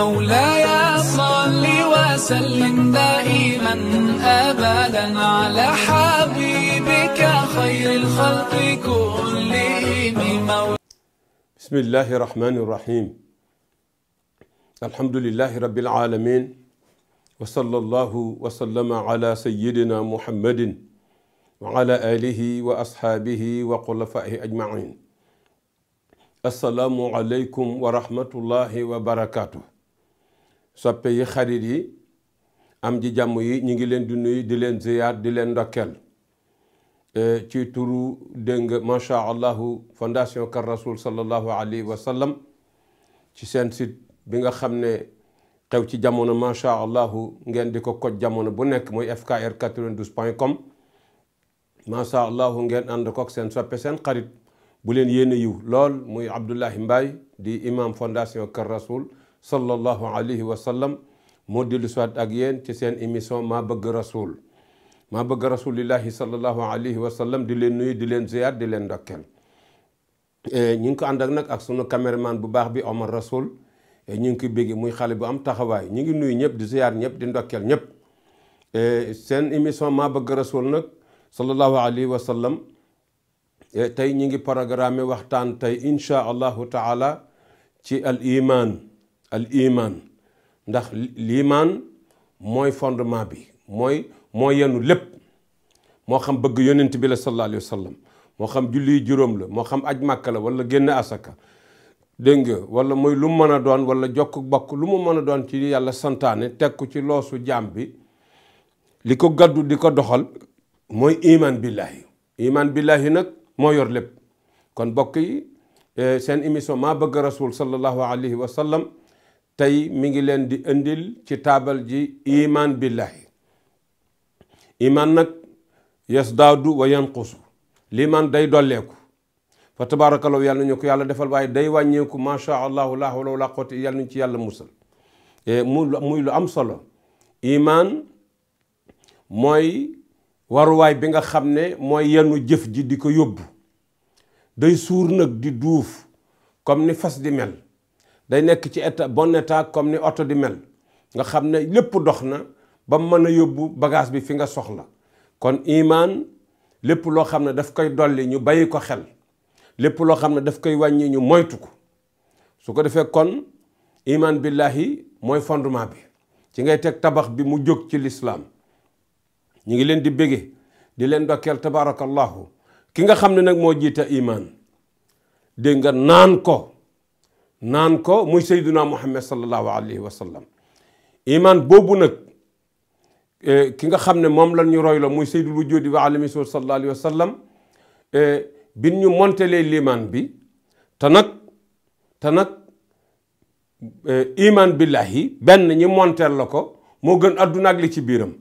مولاي صل وسلم دائما أبدا على حبيبك خير الخلق كلهم بسم الله الرحمن الرحيم الحمد لله رب العالمين وصلى الله وسلم على سيدنا محمد وعلى آله وأصحابه وخلفائه أجمعين السلام عليكم ورحمة الله وبركاته soppe yi xarit yi am ji jàmm yi ñu ngi leen di nuyu di leen ziyaar di leen ndokkeel eh, ci turu dégg nga macha allahu fondation Keur Rassoul sallallahu alayhi wa ci seen sit bi nga xam ne xew ci jamono macha allahu ngeen di ko koj jamono bu nekk mooy fkr 92 point com macha allahu ngeen ànd kook seen soppe seen xarit bu leen yéene yiw lool muy Abdoulahi Mbaye di imam fondation Keur Rassoul sallallahu alayhi wa sallam moo dellu siwaat ak yéen ci seen émission maa bëgg rasul maa bëgg rasulillahi sallallahu alayhi wa sallam di leen nuyu di leen ziyaar di leen ndokkeel e, ñu ngi ko ak nag ak sunu caméraman bu baax bi Omar Rasoul e, ñu ngi ko bégg muy xale bu am taxawaay ñu ngi nuyu ñëpp di ziyaar ñëpp di ndokkeel ñëpp e, seen émission maa bëgg rasul nag sallallahu alayhi wa tey ñu ngi programme waxtaan tey incha allahu taala ci al iman al iman ndax liimaan mooy fondement bi mooy moo yenu lépp moo xam bëgg yonent bi la sallallahu alayhi moo xam julli juróom la moo xam aj màkka la wala génn asaka dégg nga wala mooy lu mën a doon wala jokk bokk lu mu mën a doon ci yàlla santaane teg ko ci loosu jaam bi li ko gaddu di ko doxal mooy iman billahi iman billahi nag moo yor lépp kon bokk yi eh, seen émission maa bëgg rasul sallallahu alayhi wa tey mi ngi leen di indil ci taabal ji iman billahi iman nag daa yasdaadu wa yanqusu liman day dolleeku fa tabaarakallaahu yàlla ñu ko yàlla defal waaye day wàññeeku macha allahu laa hawla wala quwwata yàlla nañu ci yàlla musal eh, muy lu am solo iman mooy waruwaay bi nga xam ne mooy yenu jëf ji di ko yóbbu day suur nag di duuf comme ni fas di mel day nekk ci état bon état comme ni oto di mel nga xam ne lépp dox na ba mu mën a yóbbu bagage bi fi nga soxla kon imaan lépp loo xam ne daf koy dolli ñu bàyyi ko xel lépp loo xam ne daf koy wàññi ñu moytu ko su ko defee kon imaan billahi mooy fondement bi ci ngay teg tabax bi mu jóg ci lislaam ñu ngi leen di bége di leen dokkeel ki nga xam ne nag moo jiite imaan dégg nga naan ko naan ko muy sayduna muhammad sallallahu alayhi wa sallam iman boobu nag eh, ki nga xam ne moom lan ñu roy la muy saydul wujudi wa alami suur sallallahu alayhi wa sallam eh, bin ñu montelee liman bi te nag te nag eh, iman billahi benn ñi monteel la ko moo gën àdduna ak li ci biiram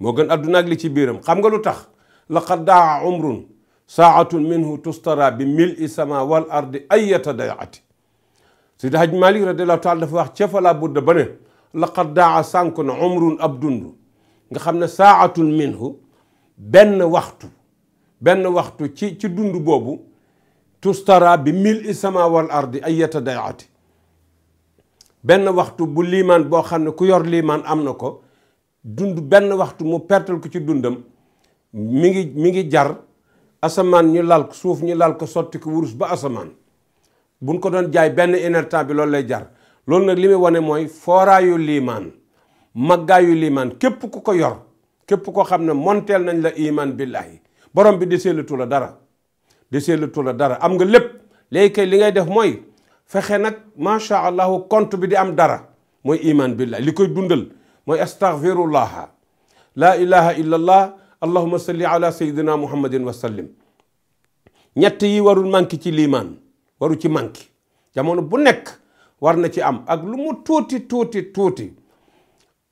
moo gën àdduna ak li ci biiram xam nga lu tax laqad daa umrun saatun minhu tustara bi mil i sama wal ardi ayata dayati sidi haj malik radiallahu taala dafa wax cefala budda ba ne laqad daa sànk na umrun ab dund nga xam ne saatun minhu benn waxtu benn waxtu ci ci dund boobu benn waxtu bu liimaan boo xam ne ku yor liimaan am na ko dund benn waxtu mu pertal ko ci dundam mi ngi mi ngi jar asamaan ñu lal suuf ñu lal ko sotti wurus ba asamaan buñ ko doon jaay benn innertant bi loolu lay jar loolu nag li may wane mooy fooraayu liimaan maggaayu liimaan képp ku ko yor képp koo xam ne monteel nañ la iman billahi borom bi deseelatu la dara deseelatu la dara am nga lépp léegi li ngay def mooy fexe nag macha allahu compte bi di am dara mooy iman billahi li koy dundal mooy astaghfirullah la ilaha illallah allahuma salli ala sayidina muhammadin wa sallim ñett yi warul manqué ci liimaan waru ci manqué jamono bu nekk war na ci am ak lu mu tuuti tuuti tuuti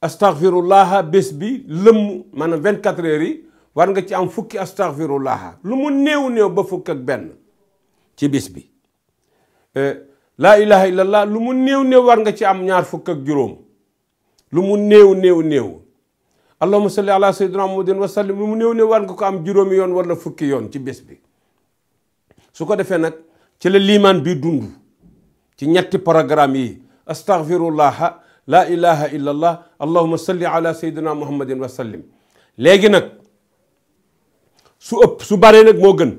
astaghfirullaha bés bi lëmm maanaam 24 heures yi war nga ci am fukki astaghfirullaha lu mu néew néew ba fukk ak benn ci bis bi euh, laa ilaha illallah lu mu néew néew war nga ci am ñaar fukk ak juróom lu mu néew néew néew allahuma salli ala sayyidina muhammadin wa sallim lu mu new ne war nga ko am juróom yoon wala fukki yoon ci bés bi su ko defee nag ci la liimaan bi dund ci ñetti programme yi astaghfirullah la ilaha illa allah allahuma salli ala sayyidina muhammadin wa sallim léegi nag su ëpp su baree nag moo gën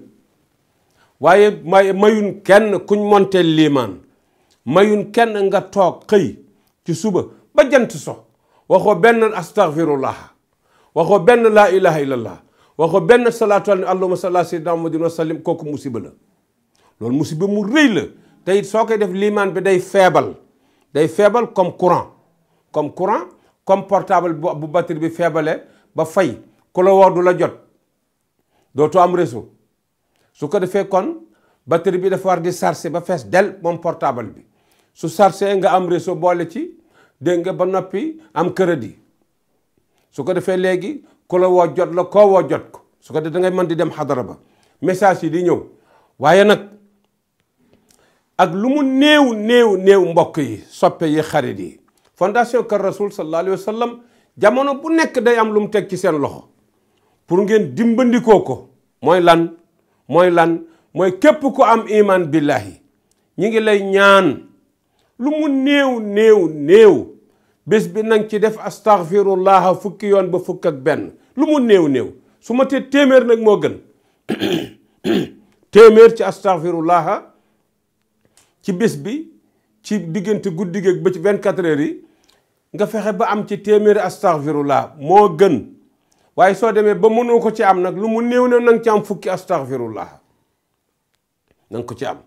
waaye may mayun kenn ku monteel liimaan mayun kenn nga toog xëy ci suba ba jant so waxoo benn astaghfirullah waxoo benn laa ilaha illallah waxoo benn salaatu ala allahumma salli ala sayyidina muhammadin wa sallim kooku musiba la loolu musiba mu rëy la te it soo koy def liimaan bi day feebal day feebal comme courant comme courant comme portable bu batterie bi feebalee ba fay ku la wax du la jot dootoo am réseau su ko defee kon batterie bi dafa war di charger ba fees del moom portable bi su charger nga am réseau boole ci dégg nga ba noppi am crédit su ko defee léegi ku la woo jot la koo woo jot ko su ko defee dangay ngay mën di dem xadara ba message yi di ñëw waaye nag ak lu mu néew néew néew mbokk yi soppee yi xarit yi fondation Kër Rasoul sallallahu alayhi wa jamono bu nekk day am lu mu teg ci seen loxo pour ngeen dimbandikoo ko mooy lan mooy lan mooy képp ku am iman billahi ñi ngi lay ñaan lu mu néew néew néew bés bi nang ci def astaghfirullah fukki yoon ba fukk ak benn lu mu néew néew su ma tee téeméer nag moo gën téeméer ci astaghfirullah ci bés bi ci diggante guddi gi ba ci 24 heures yi nga fexe ba am ci téeméeri astaghfirullah moo gën waaye soo demee ba mënoo ko ci am nag lu mu néew ne nang ci am fukki astaghfirullah nang ko ci am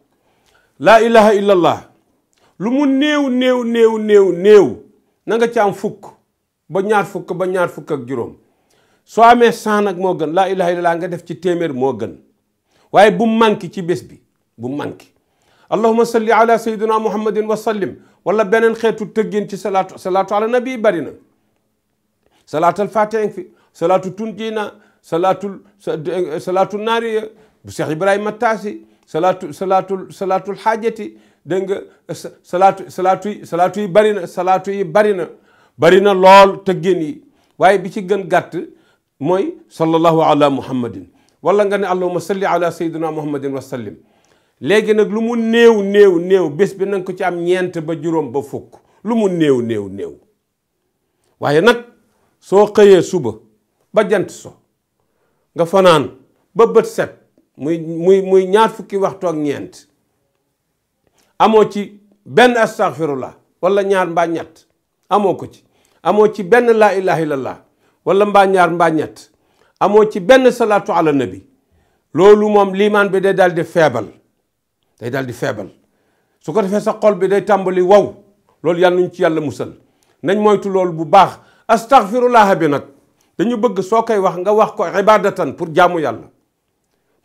laa ilaha illallah lu mu néew néew néew néew néew na nga ci am fukk ba ñaar fukk ba ñaar fukk ak juróom soo amee cent nag moo gën laa ilaha illallah nga def ci téeméer moo gën waaye bu manqué ci bés bi bu manqué allahuma salli ala sayyidina muhammadin wa sallim wala beneen xeetu tëggin ci salaatu salaatu ala nabi bari na salaatul fatiha fi salaatu tunjina salaatul salaatu naariya bu Cheikh Ibrahima Taasi salaatu salaatul salaatul xaajati dégg nga salaatu salaatu yi salaatu yi bari na salaatu yi bari na bari na lool tëggeen yi waaye bi ci gën gàtt mooy sallallahu ala muhammadin wala nga ne allahuma salli ala sayyidina muhammadin wa sallim léegi nag lu mu néew néew néew bés bi nanga ko ci am ñeent ba juróom ba fukk lu mu néew néew néew waaye nag soo xëyee suba ba jant so nga fanaan ba bët set muy muy muy ñaar fukki waxtu ak ñeent amoo ci benn astaghfirullah wala ñaar mbaa ñett amoo ko ci amoo ci benn laa ilaha illallah wala mbaa ñaar mbaa ñett amoo ci benn salaatu ala bi loolu moom liimaan bi day daal feebal day daal di feebal su ko defee sa xol bi day tàmbali wow loolu yàlla nañ ci yàlla musal nañ moytu loolu bu baax astaghfirullah bi nag dañu bëgg soo koy wax nga wax ko ibadatan pour jaamu yàlla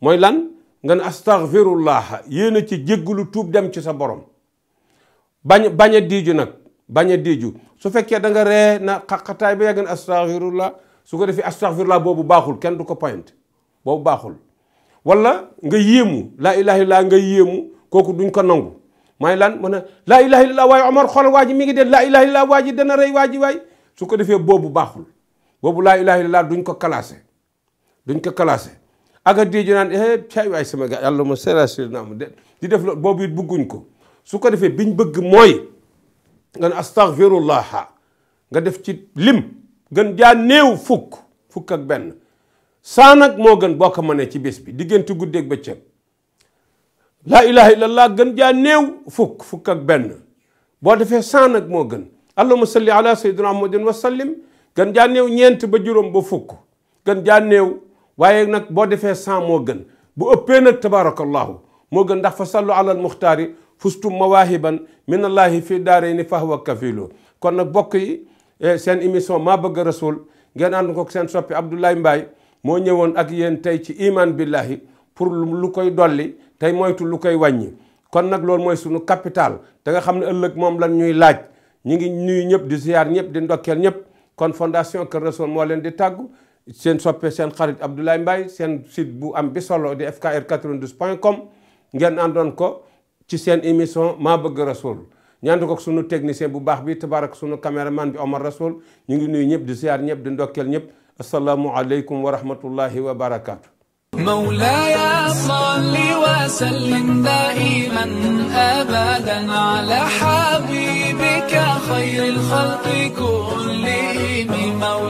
mooy lan nga ne astaghfirullah yéen a ci jéggalu tuub dem ci sa borom bañ bañ a diiju nag bañ a diiju su fekkee da nga ree na xaqataay ba yàgg na astaghfirullah su ko defee astaghfirullah boobu baaxul kenn du ko point boobu baaxul wala nga yéemu laa ilaha illallah nga yéemu kooku duñ ko nangu mooy lan mu ne laa ilaha illallah waaye Omar xool waa ji mi ngi dee laa ilaha illallah waa ji dana rey waa ji waay su ko defee boobu baaxul boobu laa ilaha illallah duñ ko classé duñ ko classé Agadejo naan eh caay waay sama gars yàlla ma serasir na am de di def loolu boobu it bëgguñ ko su ko defee biñ bëgg mooy nga ne astaghfirullah nga def ci lim gën jaa néew fukk fukk benn saa nag moo gën boo ma mënee ci bés bi diggante guddeeg bëccëg laa ilaha illallah gën jaa néew fukk boo defee saa moo gën allahuma salli ala sayyidina muhammadin wa sallim gën jaa néew ñeent ba juróom ba fukk gën jaa néew waaye nag boo defee cent moo gën bu ëppee nag tabarakallahu moo gën ndax fa sallu ala al muxtaari fustum mawaahiban min allaahi fi daarayni fahwa kafilu kon nag bokk yi eh, seen émission maa bëgg a rasul ngeen ànd ko seen soppi Abdoulaye mbaay moo ñëwoon ak yéen tey ci iman billahi pour lu koy dolli tey moytu lu koy wàññi kon nag loolu mooy sunu capital da nga xam ne ëllëg moom lan ñuy laaj ñu ngi nuyu ñëpp di ziar ñëpp di ndokkeel ñëpp kon fondation Kër moo leen di tàggu seen soppe seen xarit Abdoulaye Mbaye seen site bu am bi solo di fkr 92 point com ngeen àndoon ko ci seen émission maa bëgg rasoul ñaandu ko sunu technicien bu baax bi tabarak sunu caméraman bi Omar Rasoul ñu ngi nuyu ñëpp di ziar ñëpp di ndokkeel ñëpp asalaamu aleykum wa rahmatullahi wa barakaatu مولاي صل وسلم دائما ابدا على حبيبك خير الخلق كلهم